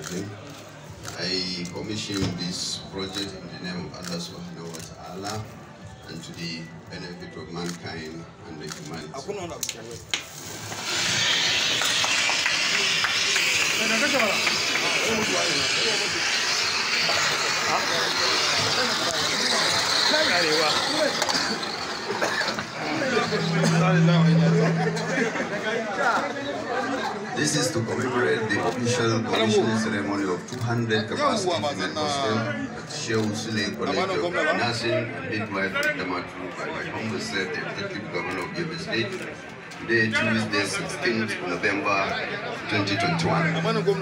everything. I commission this project in the name of Allah subhanahu wa ta'ala and to the benefit of mankind and the humanity. This is to commemorate the official commissioning ceremony of 200 capacity medical at Shehu Sule College of Nursing and Midwife Damatru by my humble state, the executive governor of Yobe State, today, Tuesday, 16th November 2021.